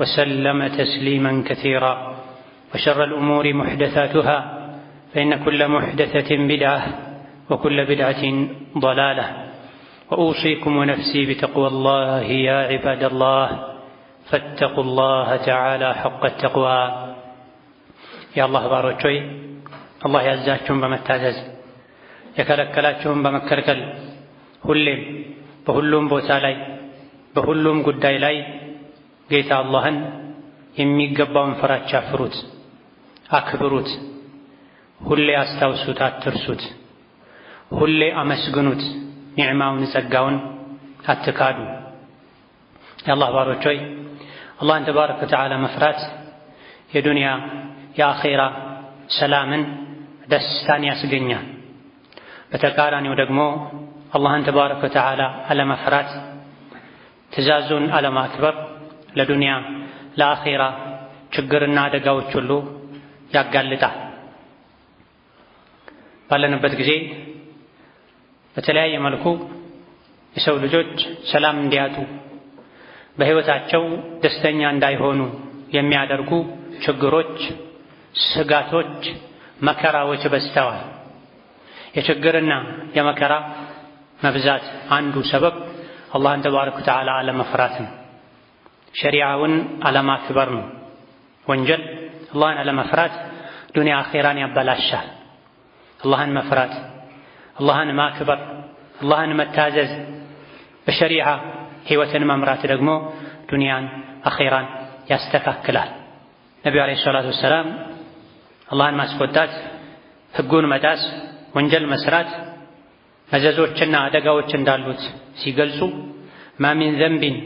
وسلم تسليما كثيرا وشر الأمور محدثاتها فإن كل محدثة بدعة وكل بدعة ضلالة وأوصيكم ونفسي بتقوى الله يا عباد الله فاتقوا الله تعالى حق التقوى يا الله ባሮች الله ያዛችሁን بما تعزز በመከልከል بما كلكل هلم بهلم በሁሉም بهلم ላይ ጌታ አላህን የሚገባውን ፍራቻ ፍሩት፣ አክብሩት፣ ሁሌ አስታውሱት፣ አትርሱት፣ ሁሌ አመስግኑት፣ ኒዕማውን ጸጋውን አትካዱ። የአላህ ባሮች ሆይ አላህን ተባረከ ወተዓላ መፍራት የዱንያ የአኼራ ሰላምን ደስታን ያስገኛል። በተቃራኒው ደግሞ አላህን ተባረከ ወተዓላ አለመፍራት፣ ትእዛዙን አለማክበር ለዱንያ ለአኼራ ችግርና አደጋዎች ሁሉ ያጋልጣል። ባለንበት ጊዜ በተለያየ መልኩ የሰው ልጆች ሰላም እንዲያጡ በሕይወታቸው ደስተኛ እንዳይሆኑ የሚያደርጉ ችግሮች፣ ስጋቶች፣ መከራዎች በዝተዋል። የችግርና የመከራ መብዛት አንዱ ሰበብ አላህን ተባረከ ወተዓላ አለመፍራት ነው። ሸሪዓውን አለማክበር ነው። ወንጀል አላህን አለመፍራት ዱንያ አኼራን ያበላሻል። አላህን መፍራት፣ አላህን ማክበር፣ አላህን መታዘዝ፣ በሸሪዓ ህይወትን መምራት ደግሞ ዱንያን አኼራን ያስተካክላል። ነቢዩ ዓለይሂ ሰላቱ ወሰላም አላህን ማስቆጣት፣ ህጉን መጣስ፣ ወንጀል መስራት መዘዞችና አደጋዎች እንዳሉት ሲገልጹ ማ ዘንቢን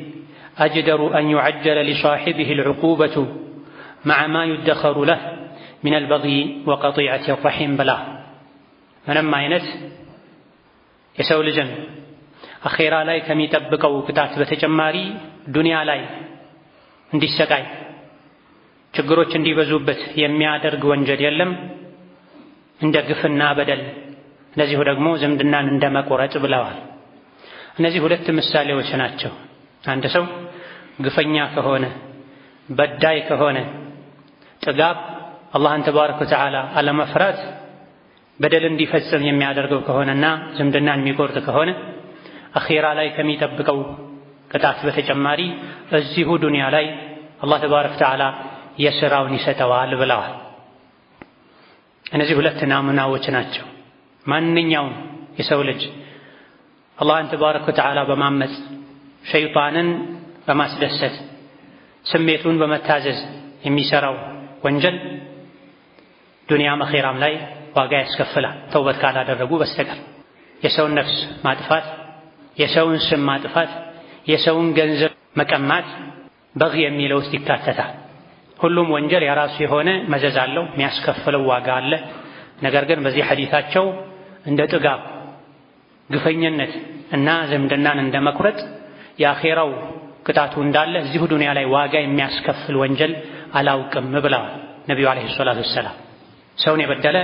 أجدر أن يعجل لصاحبه العقوبة مع ما يدخر له من البغي وقطيعة الرحم بلا أما ينس يسو لجن أخيرا لاي كم كتاتبة جماري دنيا لاي اندي السقاي تقروش عندي بزوبت يمي عدرق وانجر يلم عند قفنا بدل نزيه رقمو زمدنا عندما قرأت بلاوال نزيه لتمسالي وشناتشو አንድ ሰው ግፈኛ ከሆነ በዳይ ከሆነ ጥጋብ አላህን ተባረከ ወተዓላ አለመፍራት በደል እንዲፈጽም የሚያደርገው ከሆነና ዝምድናን የሚቆርጥ ከሆነ አኼራ ላይ ከሚጠብቀው ቅጣት በተጨማሪ እዚሁ ዱንያ ላይ አላህ ተባረከ ወተዓላ የሥራውን ይሰጠዋል ብለዋል። እነዚህ ሁለት ናሙናዎች ናቸው። ማንኛውም የሰው ልጅ አላህን ተባረከ ወተዓላ በማመፅ ሸይጣንን በማስደሰት ስሜቱን በመታዘዝ የሚሰራው ወንጀል ዱንያ አኼራም ላይ ዋጋ ያስከፍላል፣ ተውበት ካላደረጉ በስተቀር የሰውን ነፍስ ማጥፋት፣ የሰውን ስም ማጥፋት፣ የሰውን ገንዘብ መቀማት በግ የሚለው ውስጥ ይካተታል። ሁሉም ወንጀል የራሱ የሆነ መዘዝ አለው፣ የሚያስከፍለው ዋጋ አለ። ነገር ግን በዚህ ሐዲታቸው እንደ ጥጋብ ግፈኝነት እና ዝምድናን እንደ መቁረጥ የአኼራው ቅጣቱ እንዳለ እዚሁ ዱንያ ላይ ዋጋ የሚያስከፍል ወንጀል አላውቅም ብለዋል ነቢዩ ዓለይሂ ሰላቱ ወሰላም። ሰውን የበደለ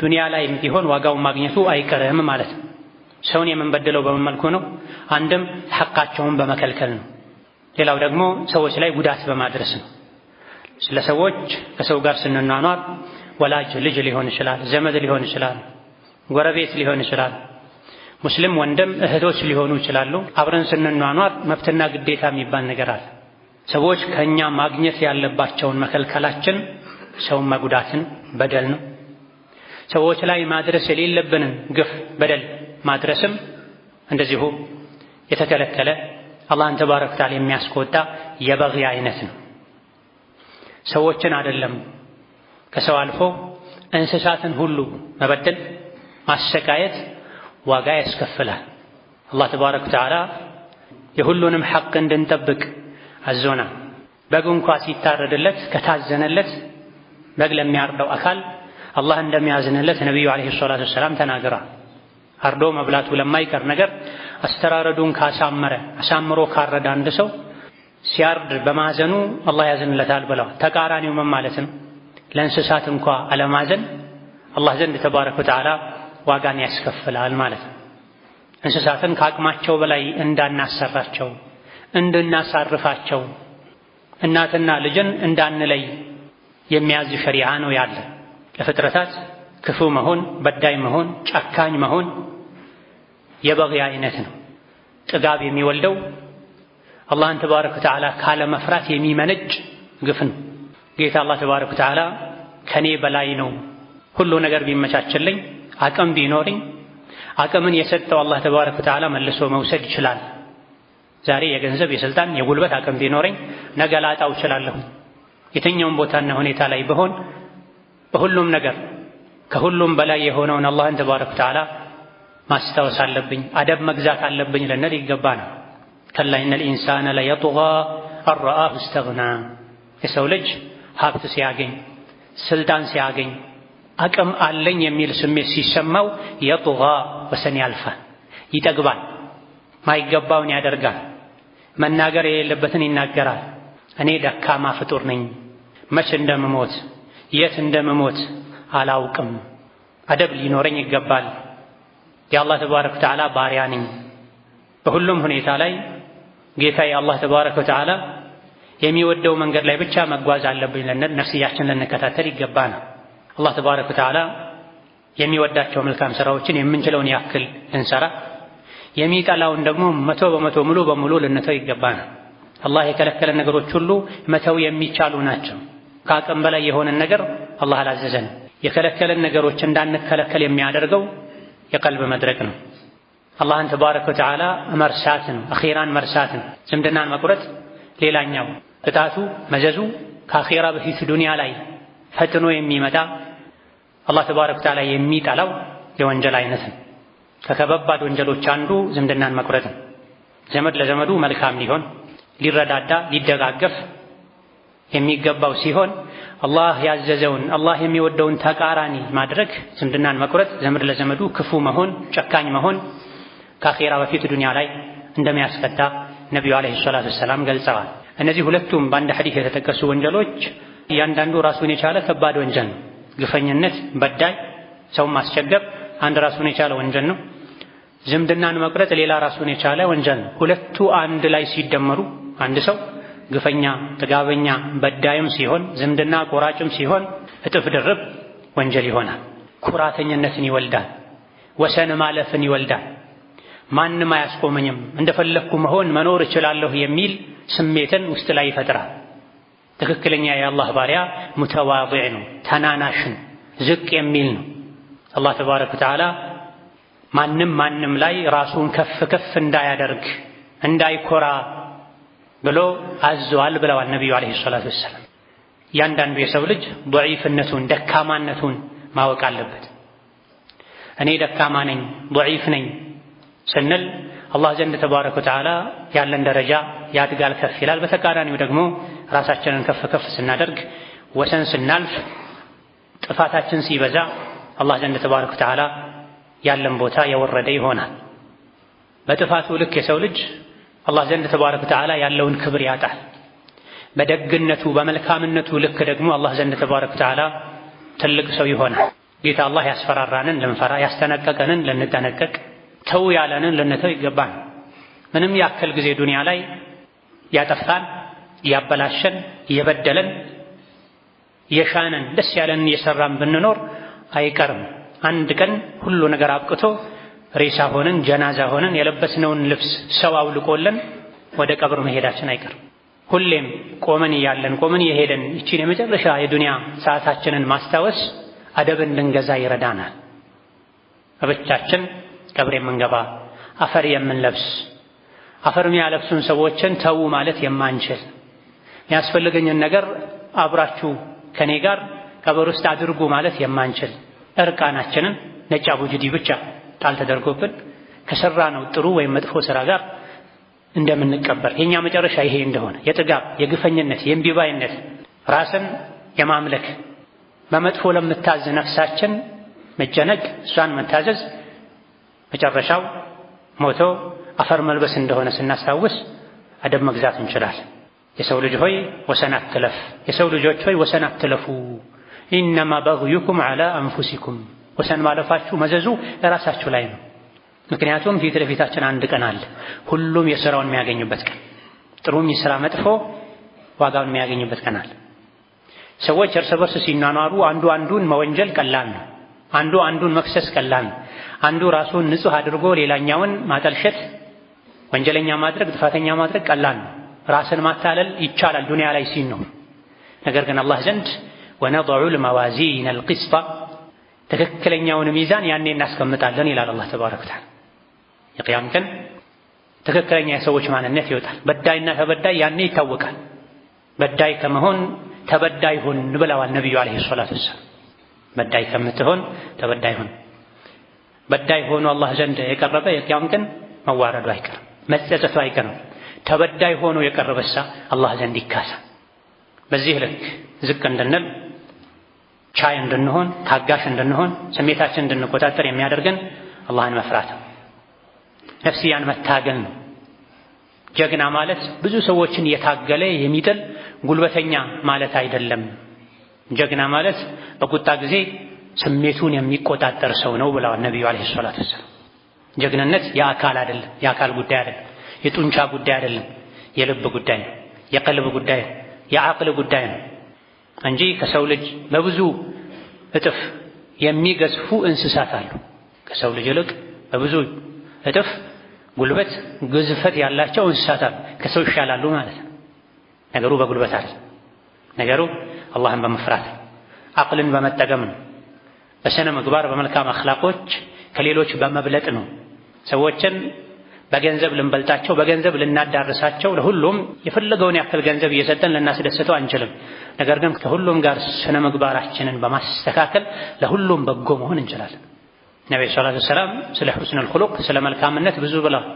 ዱንያ ላይም ቢሆን ዋጋውን ማግኘቱ አይቀርም ማለት ነው። ሰውን የምንበደለው በምን መልኩ ነው? አንድም ሐቃቸውን በመከልከል ነው። ሌላው ደግሞ ሰዎች ላይ ጉዳት በማድረስ ነው። ስለ ሰዎች ከሰው ጋር ስንኗኗር ወላጅ ልጅ ሊሆን ይችላል፣ ዘመድ ሊሆን ይችላል፣ ጎረቤት ሊሆን ይችላል ሙስሊም ወንድም እህቶች ሊሆኑ ይችላሉ። አብረን ስንኗኗር መብትና ግዴታ የሚባል ነገር አለ። ሰዎች ከእኛ ማግኘት ያለባቸውን መከልከላችን ሰውን መጉዳትን በደል ነው። ሰዎች ላይ ማድረስ የሌለብንን ግፍ በደል ማድረስም እንደዚሁ የተከለከለ አላህን ተባረክ ተዓላ የሚያስቆጣ የበግ አይነት ነው። ሰዎችን አይደለም ከሰው አልፎ እንስሳትን ሁሉ መበደል ማሰቃየት ዋጋ ያስከፍላል። አላህ ተባረከ ወተዓላ የሁሉንም ሐቅ እንድንጠብቅ አዞና በግ እንኳ ሲታረድለት ከታዘነለት በግ ለሚያርደው አካል አላህ እንደሚያዝንለት ነቢዩ ዓለይሂ ሰላቱ ወሰላም ተናግሯል። አርዶ መብላቱ ለማይቀር ነገር አስተራረዱን ካሳመረ አሳምሮ ካረደ አንድ ሰው ሲያርድ በማዘኑ አላህ ያዝንለታል ብለዋል። ተቃራኒው ምን ማለት ነው? ለእንስሳት እንኳ አለማዘን አላህ ዘንድ ተባረከ ወተዓላ ዋጋን ያስከፍላል ማለት ነው። እንስሳትን ከአቅማቸው በላይ እንዳናሰራቸው፣ እንድናሳርፋቸው፣ እናትና ልጅን እንዳንለይ የሚያዝ ሸሪዓ ነው ያለ። ለፍጥረታት ክፉ መሆን፣ በዳይ መሆን፣ ጨካኝ መሆን የበግ አይነት ነው። ጥጋብ የሚወልደው አላህን ተባረከ ወተዓላ ካለመፍራት የሚመነጭ ግፍ ነው። ጌታ አላህ ተባረከ ወተዓላ ከኔ በላይ ነው ሁሉ ነገር ቢመቻችልኝ አቅም ቢኖርኝ አቅምን የሰጠው አላህ ተባረከ ወተዓላ መልሶ መውሰድ ይችላል። ዛሬ የገንዘብ የስልጣን የጉልበት አቅም ቢኖረኝ ነገ ላጣው እችላለሁ። የትኛውም ቦታና ሁኔታ ላይ ብሆን በሁሉም ነገር ከሁሉም በላይ የሆነውን አላህን ተባረከ ወተዓላ ማስታወስ አለብኝ። አደብ መግዛት አለብኝ ልንል ይገባ ነው። ከላ ኢነል ኢንሳነ ለየጥጋ አን ረአሁ የሰው ልጅ ሀብት ሲያገኝ ስልጣን ሲያገኝ አቅም አለኝ የሚል ስሜት ሲሰማው የጡጋ ወሰን ያልፋል፣ ይጠግባል፣ ማይገባውን ያደርጋል፣ መናገር የሌለበትን ይናገራል። እኔ ደካማ ፍጡር ነኝ፣ መች እንደምሞት የት እንደምሞት አላውቅም፣ አደብ ሊኖረኝ ይገባል፣ የአላህ ተባረከ ወተዓላ ባሪያ ነኝ። በሁሉም ሁኔታ ላይ ጌታ የአላህ ተባረከ ወተዓላ የሚወደው መንገድ ላይ ብቻ መጓዝ አለብኝ። ነፍስያችን ልንከታተል ነው። አላህ ተባረከ ወተዓላ የሚወዳቸው መልካም ስራዎችን የምንችለውን ያክል እንሰራ፣ የሚጠላውን ደግሞ መቶ በመቶ ሙሉ በሙሉ ልንተው ይገባናል። አላህ የከለከለን ነገሮች ሁሉ መተው የሚቻሉ ናቸው። ከአቅም በላይ የሆነን ነገር አላህ አላዘዘን። የከለከለን ነገሮች እንዳንከለከል የሚያደርገው የቀልብ መድረቅ ነው። አላህን ተባረከ ወተዓላ መርሳት ነው። አኼራን መርሳት ነው። ዝምድናን መቁረጥ ሌላኛው ቅጣቱ መዘዙ ከአኼራ በፊት ዱንያ ላይ ፈጥኖ የሚመጣ አላህ ተባረከ ወተዓላ የሚጠላው የወንጀል አይነት ነው። ከከባድ ወንጀሎች አንዱ ዝምድናን መቁረጥ ነው። ዘመድ ለዘመዱ መልካም ሊሆን ሊረዳዳ፣ ሊደጋገፍ የሚገባው ሲሆን አላህ ያዘዘውን አላህ የሚወደውን ተቃራኒ ማድረግ ዝምድናን መቁረጥ፣ ዘመድ ለዘመዱ ክፉ መሆን፣ ጨካኝ መሆን ከአኼራ በፊት ዱንያ ላይ እንደሚያስቀጣ ነቢዩ ዓለይሂ ሰላቱ ወሰላም ገልጸዋል። እነዚህ ሁለቱም በአንድ ሐዲስ የተጠቀሱ ወንጀሎች እያንዳንዱ ራሱን የቻለ ከባድ ወንጀል ነው። ግፈኝነት፣ በዳይ ሰው ማስቸገር አንድ ራሱን የቻለ ወንጀል ነው። ዝምድናን መቁረጥ ሌላ ራሱን የቻለ ወንጀል ነው። ሁለቱ አንድ ላይ ሲደመሩ አንድ ሰው ግፈኛ፣ ጥጋበኛ፣ በዳይም ሲሆን ዝምድና ቆራጭም ሲሆን እጥፍ ድርብ ወንጀል ይሆናል። ኩራተኝነትን ይወልዳል። ወሰን ማለፍን ይወልዳል። ማንም አያስቆመኝም እንደፈለግኩ መሆን መኖር እችላለሁ የሚል ስሜትን ውስጥ ላይ ይፈጥራል። ትክክለኛ የአላህ ባሪያ ሙተዋዲዕ ነው፣ ተናናሽ ነው፣ ዝቅ የሚል ነው። አላህ ተባረከ ወተዓላ ማንም ማንም ላይ ራሱን ከፍ ከፍ እንዳያደርግ እንዳይኮራ ብሎ አዟል ብለዋል ነቢዩ ዓለይሂ ሰላቱ ወሰላም። እያንዳንዱ የሰው ልጅ ደዒፍነቱን ደካማነቱን ማወቅ አለበት። እኔ ደካማ ነኝ ደዒፍ ነኝ ስንል አላህ ዘንድ ተባረከ ወተዓላ ያለን ደረጃ ያድጋል፣ ከፍ ይላል። በተቃራኒው ደግሞ ራሳችንን ከፍ ከፍ ስናደርግ፣ ወሰን ስናልፍ፣ ጥፋታችን ሲበዛ አላህ ዘንድ ተባረከ ወተዓላ ያለን ቦታ የወረደ ይሆናል። በጥፋቱ ልክ የሰው ልጅ አላህ ዘንድ ተባረከ ወተዓላ ያለውን ክብር ያጣል። በደግነቱ በመልካምነቱ ልክ ደግሞ አላህ ዘንድ ተባረከ ወተዓላ ትልቅ ሰው ይሆናል። ጌታ አላህ ያስፈራራንን ልንፈራ፣ ያስጠነቀቀንን ልንጠነቀቅ፣ ተው ያለንን ልንተው ይገባን ምንም ያክል ጊዜ ዱንያ ላይ ያጠፋን ያበላሸን የበደለን የሻነን ደስ ያለን የሰራን ብንኖር አይቀርም አንድ ቀን ሁሉ ነገር አብቅቶ ሬሳ ሆነን ጀናዛ ሆነን የለበስነውን ልብስ ሰው አውልቆለን ወደ ቀብር መሄዳችን አይቀርም። ሁሌም ቆመን እያለን ቆመን እየሄደን ይቺን የመጨረሻ የዱንያ ሰዓታችንን ማስታወስ አደብ እንድንገዛ ይረዳናል። በብቻችን ቀብር የምንገባ አፈር የምንለብስ አፈር የሚያለብሱን ሰዎችን ተዉ ማለት የማንችል ያስፈለገኝን ነገር አብራችሁ ከኔ ጋር ቀብር ውስጥ አድርጉ ማለት የማንችል እርቃናችንን ነጭ አቡጅዲ ብቻ ጣል ተደርጎብን ከሰራ ነው ጥሩ ወይም መጥፎ ስራ ጋር እንደምንቀበር የኛ መጨረሻ ይሄ እንደሆነ የጥጋብ የግፈኝነት የእምቢባይነት ራስን የማምለክ በመጥፎ ለምታዝ ነፍሳችን መጨነቅ እሷን መታዘዝ መጨረሻው ሞቶ አፈር መልበስ እንደሆነ ስናስታውስ አደብ መግዛት እንችላለን። የሰው ልጅ ሆይ ወሰን አትለፍ፣ የሰው ልጆች ሆይ ወሰን አትለፉ። ኢነማ በግዩኩም ዐላ አንፉሲኩም፣ ወሰን ማለፋችሁ መዘዙ ራሳችሁ ላይ ነው። ምክንያቱም ፊት ለፊታችን አንድ ቀን አለ፣ ሁሉም የሥራውን የሚያገኝበት ቀን፣ ጥሩም ይሥራ መጥፎ ዋጋውን የሚያገኝበት ቀን አለ። ሰዎች እርስ በርስ ሲኗኗሩ አንዱ አንዱን መወንጀል ቀላል ነው። አንዱ አንዱን መክሰስ ቀላል ነው። አንዱ ራሱን ንጹሕ አድርጎ ሌላኛውን ማጠልሸት፣ ወንጀለኛ ማድረግ፣ ጥፋተኛ ማድረግ ቀላል ነው። ራስን ማታለል ይቻላል ዱንያ ላይ ሲል ነው። ነገር ግን አላህ ዘንድ ወነضዑል መዋዚን አልቂስጣ ትክክለኛውን ሚዛን ያኔ እናስቀምጣለን ይላል አላህ ተባረከ ወተዓላ። የቅያም ቀን ትክክለኛ የሰዎች ማንነት ይወጣል። በዳይና ተበዳይ ያኔ ይታወቃል። በዳይ ከመሆን ተበዳይ ሁን ብለዋል ነቢዩ አለይሂ ሰላቱ ወሰላም። በዳይ ከምትሆን ተበዳይ ሁን። በዳይ ሆኖ አላህ ዘንድ የቀረበ የቅያም ቀን መዋረዱ አይቀርም፣ መጸጸቱ አይቀርም። ተበዳይ ሆኖ የቀረበሳ አላህ ዘንድ ይካሳ። በዚህ ልክ ዝቅ እንድንል፣ ቻይ እንድንሆን፣ ታጋሽ እንድንሆን፣ ስሜታችን እንድንቆጣጠር የሚያደርገን አላህን መፍራት ነፍስያን መታገል ነው። ጀግና ማለት ብዙ ሰዎችን የታገለ የሚጥል ጉልበተኛ ማለት አይደለም። ጀግና ማለት በቁጣ ጊዜ ስሜቱን የሚቆጣጠር ሰው ነው ብለዋል ነቢዩ አለይሂ ሰላቱ ወሰላም። ጀግንነት የአካል አይደለም፣ የአካል ጉዳይ አይደለም። የጡንቻ ጉዳይ አይደለም፣ የልብ ጉዳይ ነው፣ የቀልብ ጉዳይ ነው፣ የአቅል ጉዳይ ነው እንጂ ከሰው ልጅ በብዙ እጥፍ የሚገዝፉ እንስሳት አሉ። ከሰው ልጅ ይልቅ በብዙ እጥፍ ጉልበት ግዝፈት ያላቸው እንስሳት አሉ። ከሰው ይሻላሉ ማለት ነው። ነገሩ በጉልበት አይደለም። ነገሩ አላህን በመፍራት አቅልን በመጠቀም ነው። በስነ ምግባር በመልካም አኽላቆች ከሌሎች በመብለጥ ነው። ሰዎችን በገንዘብ ልንበልጣቸው፣ በገንዘብ ልናዳርሳቸው፣ ለሁሉም የፈለገውን ያክል ገንዘብ እየሰጠን ልናስደስተው አንችልም። ነገር ግን ከሁሉም ጋር ስነ ምግባራችንን በማስተካከል ለሁሉም በጎ መሆን እንችላለን። ነቢዩ ሰለላሁ ዐለይሂ ወሰለም ስለ ሁስኑል ኹሉቅ ስለ መልካምነት ብዙ ብለዋል።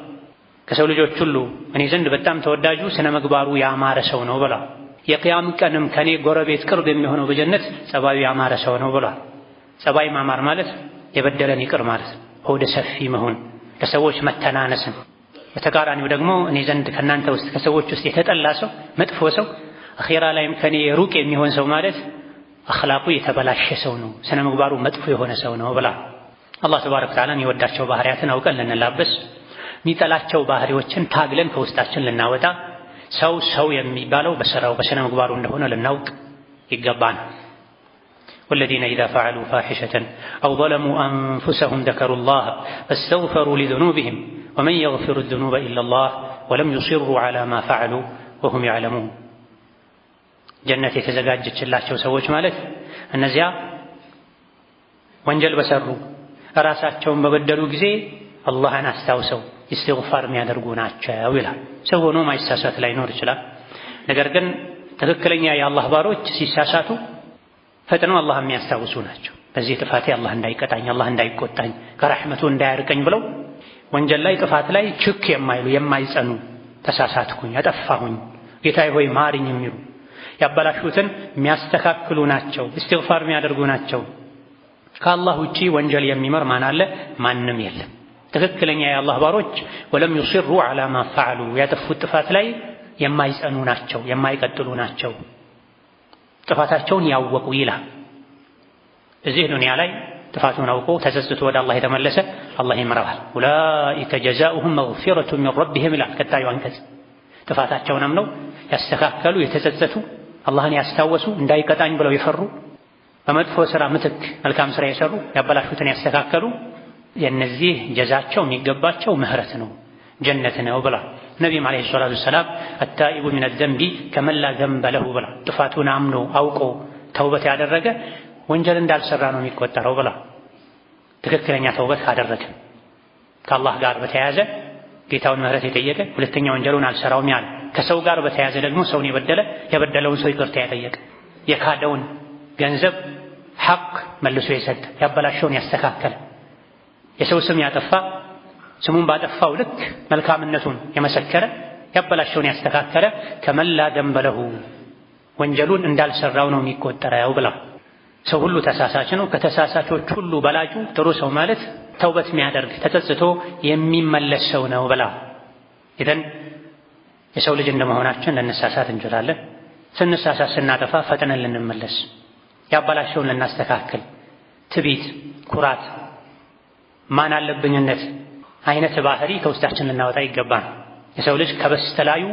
ከሰው ልጆች ሁሉ እኔ ዘንድ በጣም ተወዳጁ ስነ ምግባሩ ያማረ ሰው ነው ብለዋል። የቅያም ቀንም ከኔ ጎረቤት ቅርብ የሚሆነው በጀነት ጸባዩ ያማረ ሰው ነው ብለዋል። ጸባይ ማማር ማለት የበደለን ይቅር ማለት፣ ሆደ ሰፊ መሆን ከሰዎች መተናነስን፣ በተቃራኒው ደግሞ እኔ ዘንድ ከእናንተ ውስጥ ከሰዎች ውስጥ የተጠላ ሰው መጥፎ ሰው አኼራ ላይም ከኔ ሩቅ የሚሆን ሰው ማለት አኽላቁ የተበላሸ ሰው ነው፣ ስነ ምግባሩ መጥፎ የሆነ ሰው ነው ብላ አላህ ተባረከ ወተዓላ የሚወዳቸው ባህሪያትን አውቀን ልንላበስ፣ የሚጠላቸው ባህሪዎችን ታግለን ከውስጣችን ልናወጣ፣ ሰው ሰው የሚባለው በስራው በስነ ምግባሩ እንደሆነ ልናውቅ ይገባናል። والذين إذا فعلوا فاحشة أو ظلموا أنفسهم ذكروا الله فاستغفروا لذنوبهم ومن يغفر الذنوب إلا الله ولم يصروا على ما فعلوا وهم يعلمون جنة تزقاج الله شو سويت مالك النزيا وانجل بسروا أراسات شو مبدلوا جزي الله أنا استوسو استغفار ما درقونا أو لا سووا نوم لا ينور شلا نقرقن تذكرين يا الله باروت سيساساتو ፈጥነው አላህ የሚያስታውሱ ናቸው። በዚህ ጥፋቴ አላህ እንዳይቀጣኝ፣ አላህ እንዳይቆጣኝ፣ ከረሕመቱ እንዳያርቀኝ ብለው ወንጀል ላይ ጥፋት ላይ ችክ የማይሉ የማይጸኑ ተሳሳትኩኝ፣ አጠፋሁኝ፣ ጌታዬ ሆይ ማርኝ የሚሉ ያበላሹትን የሚያስተካክሉ ናቸው። እስትግፋር የሚያደርጉ ናቸው። ከአላህ ውጪ ወንጀል የሚመር ማን አለ? ማንም የለም። ትክክለኛ የአላህ ባሮች ወለም ዩሲሩ ዐላ ማ ፈዐሉ ያጠፉት ጥፋት ላይ የማይጸኑ ናቸው፣ የማይቀጥሉ ናቸው። ጥፋታቸውን ያወቁ ይላል። እዚህ ዱንያ ላይ ጥፋቱን አውቆ ተጸጽቶ ወደ አላህ የተመለሰ አላህ ይምረዋል። ኡላኢከ ጀዛኡሁም መግፊረቱ ሚን ረቢህም ይላል ቀጣዩ አንቀጽ። ጥፋታቸውን አምነው ያስተካከሉ፣ የተጸጸቱ፣ አላህን ያስታወሱ፣ እንዳይቀጣኝ ብለው የፈሩ በመጥፎ ስራ ምትክ መልካም ስራ የሰሩ ያበላሹትን ያስተካከሉ የእነዚህ ጀዛቸው የሚገባቸው ምህረት ነው፣ ጀነት ነው ብሏል። ነቢም ዓለይሂ ሰላቱ ወሰላም አታኢቡ ሚነ ዘንቢ ከመላ ዘንበ ለሁ ብላ ጥፋቱን አምኖ አውቆ ተውበት ያደረገ ወንጀል እንዳልሰራ ነው የሚቆጠረው ብላ ትክክለኛ ተውበት ካደረገ ከአላህ ጋር በተያያዘ ጌታውን ምህረት የጠየቀ ሁለተኛ ወንጀሉን አልሰራውም ያለ ከሰው ጋር በተያያዘ ደግሞ ሰውን የበደለ የበደለውን ሰው ይቅርታ የጠየቀ የካደውን ገንዘብ ሐቅ መልሶ የሰጠ ያበላሸውን ያስተካከለ የሰው ስም ያጠፋ ስሙን ባጠፋው ልክ መልካምነቱን የመሰከረ ያበላሸውን ያስተካከለ ከመላ ደንበለሁ ወንጀሉን እንዳልሰራው ነው የሚቆጠረው ብላ ሰው ሁሉ ተሳሳች ነው። ከተሳሳቾች ሁሉ በላጩ ጥሩ ሰው ማለት ተውበት የሚያደርግ ተጸጽቶ የሚመለስ ሰው ነው ብላ ይተን የሰው ልጅ እንደመሆናችን ልንሳሳት እንችላለን። ስንሳሳት ስናጠፋ ፈጥነን ልንመለስ ያበላሸውን ልናስተካክል ትቢት፣ ኩራት፣ ማን አለብኝነት አይነት ባህሪ ከውስጣችን ልናወጣ ይገባ የሰው ልጅ ከበስተላዩ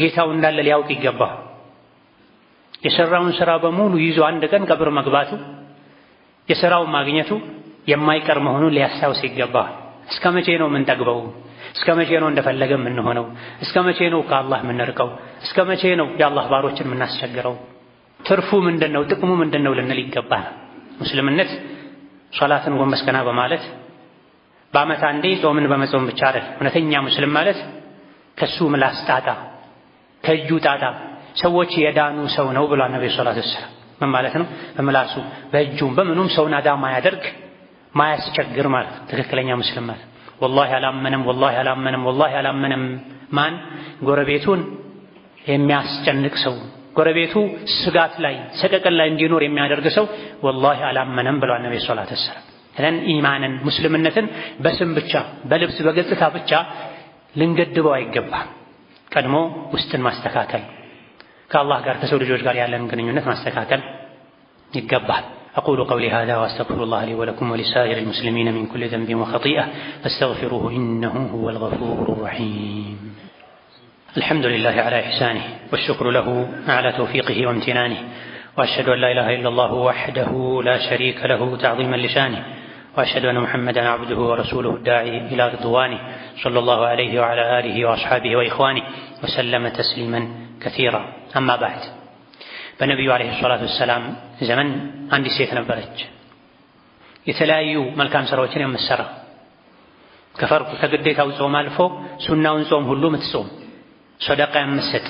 ጌታው እንዳለ ሊያውቅ ይገባ። የሰራውን ስራ በሙሉ ይዞ አንድ ቀን ቀብር መግባቱ የስራውን ማግኘቱ የማይቀር መሆኑን ሊያስታውስ ይገባ። እስከ መቼ ነው የምንጠግበው? እስከ መቼ ነው እንደፈለገ የምንሆነው? እስከ መቼ ነው ከአላህ የምንርቀው? እስከ መቼ ነው የአላህ ባሮችን የምናስቸግረው? ትርፉ ምንድነው? ጥቅሙ ምንድነው ልንል ይገባል። ሙስልምነት ሶላትን ጎንበስ ቀና በማለት በዓመት አንዴ ጾምን በመጾም ብቻ አይደል። እውነተኛ ሙስሊም ማለት ከሱ ምላስ ጣጣ፣ ከእጁ ጣጣ ሰዎች የዳኑ ሰው ነው ብሏል ነብዩ ሰለላሁ ዐለይሂ ወሰለም። ምን ማለት ነው? በምላሱ በእጁም በምኑም ሰውን አዳ ማያደርግ ማያስቸግር ማለት ትክክለኛ ሙስሊም ማለት። ወላሂ አላመነም፣ ወላሂ አላመነም፣ ወላሂ አላመነም። ማን ጎረቤቱን የሚያስጨንቅ ሰው ጎረቤቱ ስጋት ላይ ሰቀቀን ላይ እንዲኖር የሚያደርግ ሰው ወላሂ አላመነም ብሏል ነብዩ ሰለላሁ ዐለይሂ ለን ኢማንን ሙስልምነትን በስም ብቻ በልብስ በገጽታ ብቻ ልንገድበው አይገባም። ቀድሞ ውስጥን ማስተካከል ከአላህ ጋር ከሰው ልጆች ጋር ያለን ግንኙነት ማስተካከል ይገባል። أقول قولي هذا وأستغفر الله لي ولكم ولسائر المسلمين من كل ذنب وخطيئة فاستغفروه إنه هو الغفور الرحيم الحمد لله على إحسانه والشكر له على توفيقه وامتنانه وأشهد أن لا إله إلا الله وحده لا شريك له تعظيما لشانه وأشهد أن محمدا عبده ورسوله الداعي إلى رضوانه صلى الله عليه وعلى آله وأصحابه وإخوانه وسلم تسليما كثيرا أما بعد فالنبي عليه الصلاة والسلام زمن عندي سيت نبرج يتلايو ملكان سروتين يوم السرى كفر كقديت أو صوم ألفو سنة ونصوم هلو متصوم صدقة أم مست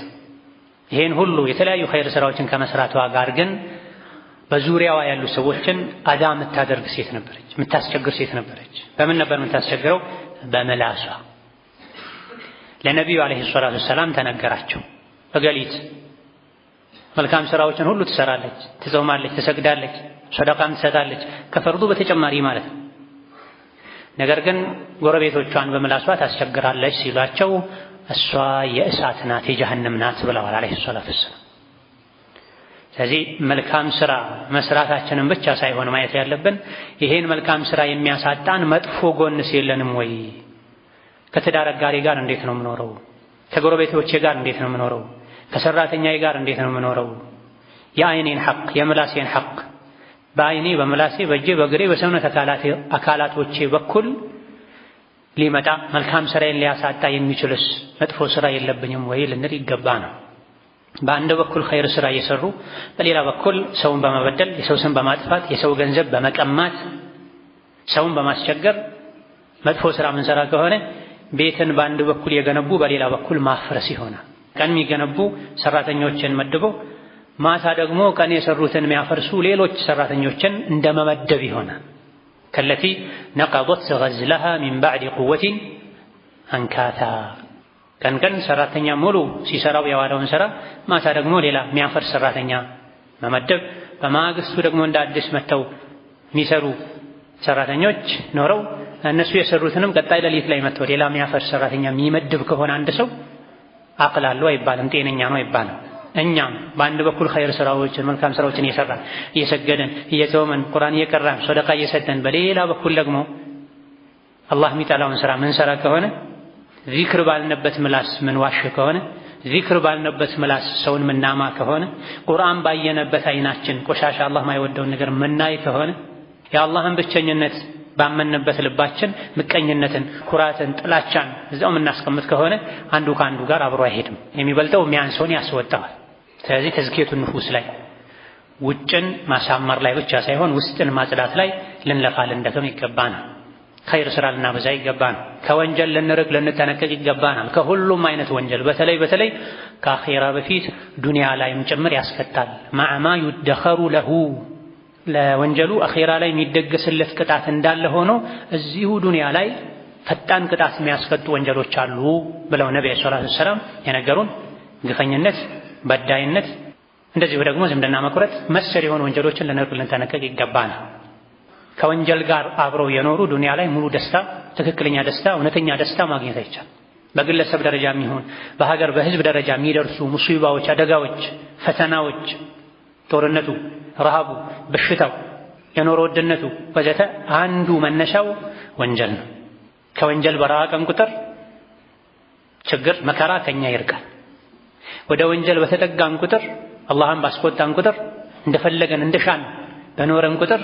هين هلو يتلايو خير سروتين كما سرات وأقارقن በዙሪያዋ ያሉ ሰዎችን አዳ የምታደርግ ሴት ነበረች፣ የምታስቸግር ሴት ነበረች። በምን ነበር የምታስቸግረው? በመላሷ። ለነቢዩ አለይሂ ሰላቱ ሰላም ተነገራቸው። እገሊት መልካም ስራዎችን ሁሉ ትሰራለች፣ ትጾማለች፣ ትሰግዳለች፣ ሰደቃም ትሰጣለች፣ ከፈርዱ በተጨማሪ ማለት ነው። ነገር ግን ጎረቤቶቿን በመላሷ ታስቸግራለች ሲሏቸው እሷ የእሳት ናት የጀሃነም ናት ብለዋል አለይሂ ሰላቱ ሰላም። ስለዚህ መልካም ስራ መስራታችንን ብቻ ሳይሆን ማየት ያለብን ይሄን መልካም ስራ የሚያሳጣን መጥፎ ጎንስ የለንም ወይ? ከትዳር አጋሪ ጋር እንዴት ነው የምኖረው? ከጎረቤቶቼ ጋር እንዴት ነው የምኖረው? ከሰራተኛዬ ጋር እንዴት ነው የምኖረው? የአይኔን ሐቅ የምላሴን ሐቅ በአይኔ በምላሴ በእጄ በእግሬ በሰውነት አካላቶቼ በኩል ሊመጣ መልካም ስራዬን ሊያሳጣ የሚችልስ መጥፎ ስራ የለብኝም ወይ ልንል ይገባ ነው። በአንድ በኩል ኸይር ስራ እየሰሩ በሌላ በኩል ሰውን በመበደል የሰው ስም በማጥፋት የሰው ገንዘብ በመቀማት ሰውን በማስቸገር መጥፎ ስራ ምንሰራ ከሆነ ቤትን በአንድ በኩል የገነቡ በሌላ በኩል ማፍረስ ይሆናል። ቀን የሚገነቡ ሰራተኞችን መድቦ ማታ ደግሞ ቀን የሰሩትን የሚያፈርሱ ሌሎች ሰራተኞችን እንደመመደብ ይሆናል። ከለቲ ነቀዶት ገዝለሃ ሚን ባዕድ ቁወቲን አንካታ ቀን ቀን ሰራተኛ ሙሉ ሲሰራው የዋለውን ስራ ማታ ደግሞ ሌላ የሚያፈር ሰራተኛ መመደብ፣ በማግስቱ ደግሞ እንደ አዲስ መጥተው የሚሰሩ ሰራተኞች ኖረው እነሱ የሰሩትንም ቀጣይ ሌሊት ላይ መጥተው ሌላ የሚያፈር ሰራተኛ የሚመድብ ከሆነ አንድ ሰው አቅል አለው አይባልም፣ ጤነኛ ነው አይባልም። እኛም በአንድ በኩል ኸይር ስራዎችን መልካም ስራዎችን እየሰራን እየሰገደን እየተወመን ቁርአን እየቀራን ሶደቃ እየሰጠን፣ በሌላ በኩል ደግሞ አላህ የሚጠላውን ስራ ምን ሰራ ከሆነ ዚክር ባልነበት ምላስ ምንዋሽ ከሆነ ዚክር ባልነበት ምላስ ሰውን ምናማ ከሆነ ቁርአን ባየነበት አይናችን ቆሻሻ አላህ ማይወደውን ነገር ምናይ ከሆነ የአላህን ብቸኝነት ባመንበት ልባችን ምቀኝነትን፣ ኩራትን፣ ጥላቻን እዛው የምናስቀምጥ ከሆነ አንዱ ከአንዱ ጋር አብሮ አይሄድም። የሚበልጠው የሚያንሰውን ያስወጣዋል። ስለዚህ ተዝኪየቱ ንፉስ ላይ ውጭን ማሳመር ላይ ብቻ ሳይሆን ውስጥን ማጽዳት ላይ ልንለፋ ልንደክም ይገባናል። ኸይር ስራ ልናበዛ ይገባን። ከወንጀል ልንርቅ ልንጠነቀቅ ይገባናል። ከሁሉም አይነት ወንጀል በተለይ በተለይ ከአኼራ በፊት ዱንያ ላይም ጭምር ያስቀጣል። ማዕማ ዩደኸሩ ለሁ ለወንጀሉ አኼራ ላይ የሚደገስለት ቅጣት እንዳለ ሆኖ እዚሁ ዱንያ ላይ ፈጣን ቅጣት የሚያስቀጡ ወንጀሎች አሉ ብለው ነቢዩ ሰለላሁ ሰላም የነገሩን ግፈኝነት፣ በዳይነት፣ እንደዚሁ ደግሞ ዝምድና መቁረጥ መሰል የሆኑ ወንጀሎችን ልንርቅ ልንጠነቀቅ ይገባናል። ከወንጀል ጋር አብረው የኖሩ ዱንያ ላይ ሙሉ ደስታ፣ ትክክለኛ ደስታ፣ እውነተኛ ደስታ ማግኘት አይቻል። በግለሰብ ደረጃ የሚሆን በሀገር በህዝብ ደረጃ የሚደርሱ ሙሲባዎች፣ አደጋዎች፣ ፈተናዎች፣ ጦርነቱ፣ ረሃቡ፣ በሽታው፣ የኑሮ ውድነቱ ወዘተ አንዱ መነሻው ወንጀል ነው። ከወንጀል በራቀን ቁጥር ችግር፣ መከራ ከኛ ይርቃል። ወደ ወንጀል በተጠጋን ቁጥር አላህን ባስቆጣን ቁጥር እንደፈለገን እንደሻን በኖረን ቁጥር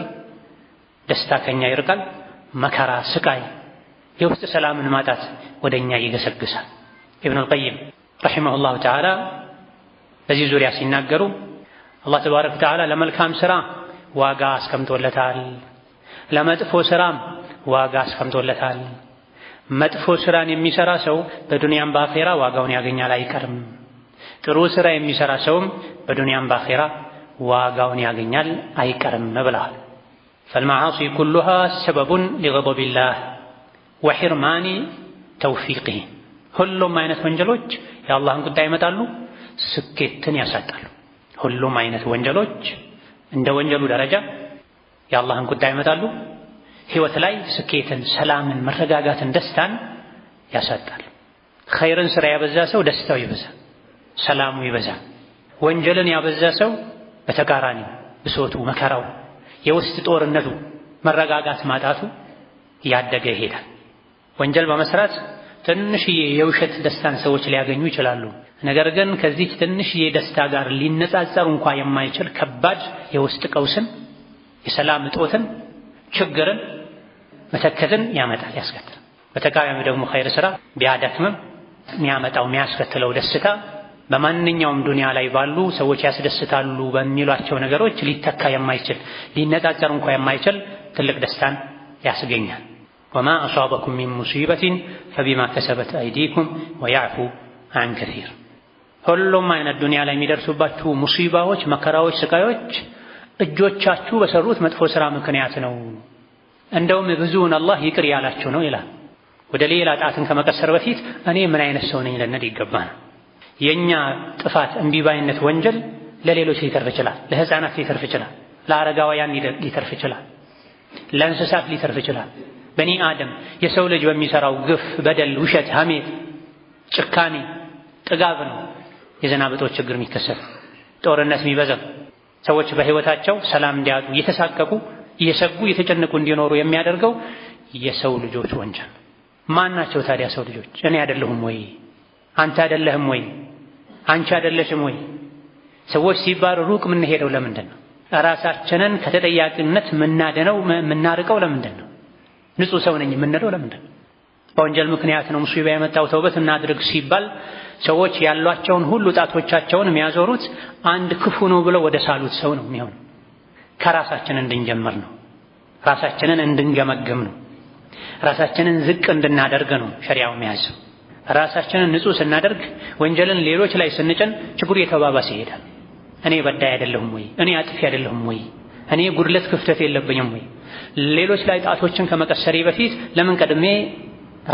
ደስታ ከኛ ይርቃል። መከራ፣ ስቃይ፣ የውስጥ ሰላምን ማጣት ወደ እኛ ይገሰግሳል። ኢብኑል ቀይም ረሒመሁላሁ ተዓላ በዚህ ዙሪያ ሲናገሩ አላህ ተባረከ ወተዓላ ለመልካም ሥራ ዋጋ አስቀምጦለታል፣ ለመጥፎ ሥራም ዋጋ አስቀምጦለታል። መጥፎ ሥራን የሚሠራ ሰው በዱንያም በአኼራ ዋጋውን ያገኛል አይቀርም። ጥሩ ሥራ የሚሠራ ሰውም በዱንያም በአኼራ ዋጋውን ያገኛል አይቀርም ብለዋል። ፈልመዓሲ ኩሉሃ ሰበቡን ሊገበቢላህ ወሒርማኒ ተውፊቅህ። ሁሉም አይነት ወንጀሎች የአላህን ቁጣ ይመጣሉ፣ ስኬትን ያሳጣሉ። ሁሉም አይነት ወንጀሎች እንደ ወንጀሉ ደረጃ የአላህን ቁጣ ይመጣሉ፣ ህይወት ላይ ስኬትን፣ ሰላምን፣ መረጋጋትን፣ ደስታን ያሳጣሉ። ኸይርን ሥራ ያበዛ ሰው ደስታው ይበዛ፣ ሰላሙ ይበዛ። ወንጀልን ያበዛ ሰው በተቃራኒው ብሶቱ፣ መከራው የውስጥ ጦርነቱ መረጋጋት ማጣቱ እያደገ ይሄዳል። ወንጀል በመስራት ትንሽዬ የውሸት ደስታን ሰዎች ሊያገኙ ይችላሉ። ነገር ግን ከዚህ ትንሽዬ ደስታ ጋር ሊነጻጸር እንኳ የማይችል ከባድ የውስጥ ቀውስን፣ የሰላም እጦትን፣ ችግርን፣ መተከትን ያመጣል ያስከትላል። በተቃራኒው ደግሞ ኸይር ስራ ቢያደክምም የሚያመጣው የሚያስከትለው ደስታ በማንኛውም ዱንያ ላይ ባሉ ሰዎች ያስደስታሉ በሚሏቸው ነገሮች ሊተካ የማይችል ሊነጻጸር እንኳ የማይችል ትልቅ ደስታን ያስገኛል። ወማ አሷበኩም ሚን ሙሲበቲን ፈቢማ ከሰበት አይዲኩም ወያዕፉ አን ከሲር። ሁሉም አይነት ዱንያ ላይ የሚደርሱባችሁ ሙሲባዎች፣ መከራዎች፣ ስቃዮች እጆቻችሁ በሰሩት መጥፎ ስራ ምክንያት ነው። እንደውም ብዙውን አላህ ይቅር ያላችሁ ነው ይላል። ወደ ሌላ ጣትን ከመቀሰር በፊት እኔ ምን አይነት ሰው ነኝ ልንል ይገባናል። የኛ ጥፋት እምቢባይነት ወንጀል ለሌሎች ሊተርፍ ይችላል። ለህፃናት ሊተርፍ ይችላል። ለአረጋውያን ሊተርፍ ይችላል። ለእንስሳት ሊተርፍ ይችላል። በኒ አደም የሰው ልጅ በሚሰራው ግፍ፣ በደል፣ ውሸት፣ ሐሜት፣ ጭካኔ፣ ጥጋብ ነው የዘናብጦች ችግር የሚከሰት ጦርነት የሚበዛው ሰዎች በህይወታቸው ሰላም እንዲያጡ እየተሳቀቁ እየሰጉ እየተጨነቁ እንዲኖሩ የሚያደርገው የሰው ልጆች ወንጀል። ማን ናቸው ታዲያ ሰው ልጆች? እኔ አይደለሁም ወይ? አንተ አይደለህም ወይ? አንቺ አይደለሽም ወይ? ሰዎች ሲባል ሩቅ የምንሄደው ለምንድን ነው? እራሳችንን ከተጠያቂነት የምናድነው የምናርቀው ለምንድን ነው? ንጹህ ሰው ነኝ የምንለው ለምንድን ነው? በወንጀል ምክንያት ነው ሙሲባ የመጣው ተውበት እናድርግ ሲባል ሰዎች ያሏቸውን ሁሉ ጣቶቻቸውን የሚያዞሩት አንድ ክፉ ነው ብለው ወደ ሳሉት ሰው ነው የሚሆነው። ከራሳችን እንድንጀምር ነው። ራሳችንን እንድንገመግም ነው። ራሳችንን ዝቅ እንድናደርግ ነው ሸሪያው የሚያዘው። ራሳችንን ንጹህ ስናደርግ ወንጀልን ሌሎች ላይ ስንጭን ችግሩ የተባባሰ ይሄዳል። እኔ በዳይ አይደለሁም ወይ? እኔ አጥፊ አይደለሁም ወይ? እኔ ጉድለት ክፍተት የለብኝም ወይ? ሌሎች ላይ ጣቶችን ከመቀሰሬ በፊት ለምን ቀድሜ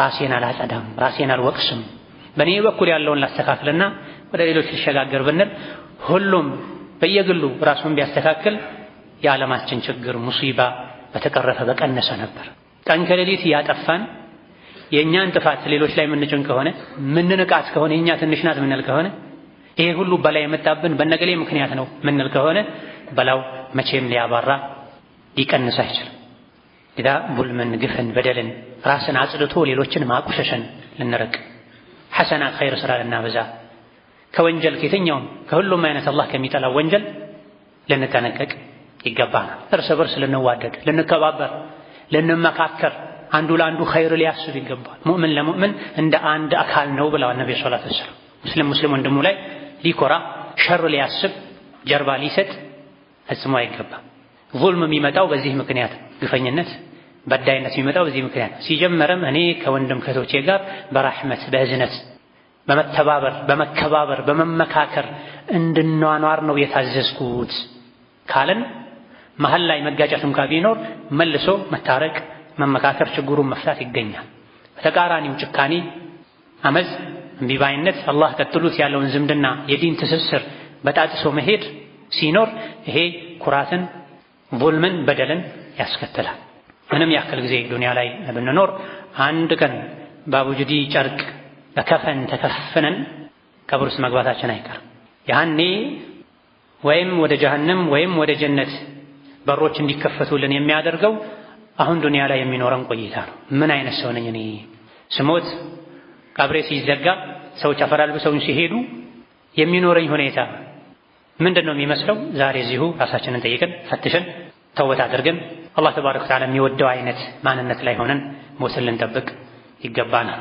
ራሴን አላጸዳም? ራሴን አልወቅስም? በእኔ በኩል ያለውን ላስተካክልና ወደ ሌሎች ልሸጋገር ብንል ሁሉም በየግሉ ራሱን ቢያስተካክል የዓለማችን ችግር ሙሲባ በተቀረፈ በቀነሰ ነበር። ቀን ከሌሊት እያጠፋን የእኛን ጥፋት ሌሎች ላይ የምንጭን ከሆነ ምንንቃት ከሆነ የእኛ ትንሽ ናት ምንል ከሆነ ይሄ ሁሉ በላይ የመጣብን በነገሌ ምክንያት ነው ምንል ከሆነ በላው መቼም ሊያባራ ሊቀንስ አይችልም። ኢዳ ቡልምን፣ ግፍን፣ በደልን፣ ራስን አጽድቶ ሌሎችን ማቆሸሸን ልንርቅ፣ ሐሰና ኸይር ስራ ልናበዛ፣ ከወንጀል ከየትኛውም ከሁሉም አይነት አላህ ከሚጠላው ወንጀል ልንጠነቀቅ ይገባናል። እርስ በርስ ልንዋደድ፣ ልንከባበር፣ ልንመካከር አንዱ ለአንዱ ኸይር ሊያስብ ይገባል። ሙእምን ለሙእምን እንደ አንድ አካል ነው ብለዋል ነቢ ሰለላሁ ዐለይሂ ወሰለም። ሙስሊም ሙስሊም ወንድሙ ላይ ሊኮራ፣ ሸር ሊያስብ፣ ጀርባ ሊሰጥ ፈጽሞ አይገባም። ዙልም የሚመጣው በዚህ ምክንያት፣ ግፈኝነት በዳይነት የሚመጣው በዚህ ምክንያት ሲጀመርም እኔ ከወንድም ከቶቼ ጋር በራህመት በእዝነት በመተባበር በመከባበር በመመካከር እንድኗኗር ነው የታዘዝኩት ካለን መሀል ላይ መጋጨትም ካቢኖር መልሶ መታረቅ መመካከር ችግሩን መፍታት ይገኛል። በተቃራኒው ጭካኔ፣ አመዝ እምቢባይነት አላህ ቀጥሉት ያለውን ዝምድና የዲን ትስስር በጣጥሶ መሄድ ሲኖር ይሄ ኩራትን፣ ቡልምን፣ በደልን ያስከትላል። ምንም ያክል ጊዜ ዱንያ ላይ ብንኖር አንድ ቀን በአቡጅዲ ጨርቅ በከፈን ተከፍነን ቀብር ውስጥ መግባታችን አይቀርም። ያኔ ወይም ወደ ጀሀነም ወይም ወደ ጀነት በሮች እንዲከፈቱልን የሚያደርገው አሁን ዱንያ ላይ የሚኖረን ቆይታ ነው። ምን አይነት ሰው ነኝ እኔ? ስሞት ቀብሬ ሲዘጋ ሰዎች አፈር ሲሄዱ የሚኖረኝ ሁኔታ ምንድን ነው የሚመስለው? ዛሬ እዚሁ ራሳችንን ጠይቀን ፈትሸን ተውበት አድርገን አላህ ተባረከ ወተዓላ የሚወደው አይነት ማንነት ላይ ሆነን ሞትን ልንጠብቅ ይገባናል።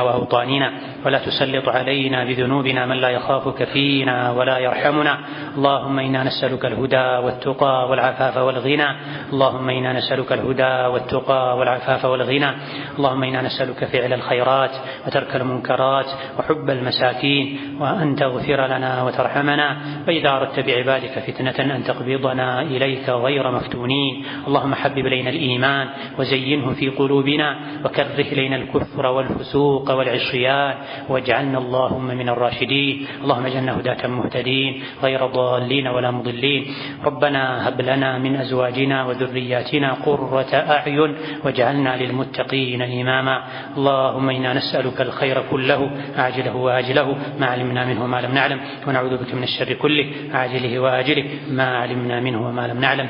وأوطاننا ولا تسلط علينا بذنوبنا من لا يخافك فينا ولا يرحمنا اللهم إنا نسألك الهدى والتقى والعفاف والغنى اللهم إنا نسألك الهدى والتقى والعفاف والغنى اللهم إنا نسألك فعل الخيرات وترك المنكرات وحب المساكين وأن تغفر لنا وترحمنا وإذا أردت بعبادك فتنة أن تقبضنا إليك غير مفتونين اللهم حبب إلينا الإيمان وزينه في قلوبنا وكره إلينا الكفر والفسوق والعصيان واجعلنا اللهم من الراشدين اللهم اجعلنا هداة مهتدين غير ضالين ضالين ولا مضلين ربنا هب لنا من أزواجنا وذرياتنا قرة أعين واجعلنا للمتقين إماما اللهم إنا نسألك الخير كله عاجله وآجله ما علمنا منه وما لم نعلم ونعوذ بك من الشر كله عاجله وآجله ما علمنا منه وما لم نعلم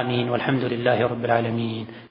آمين والحمد لله رب العالمين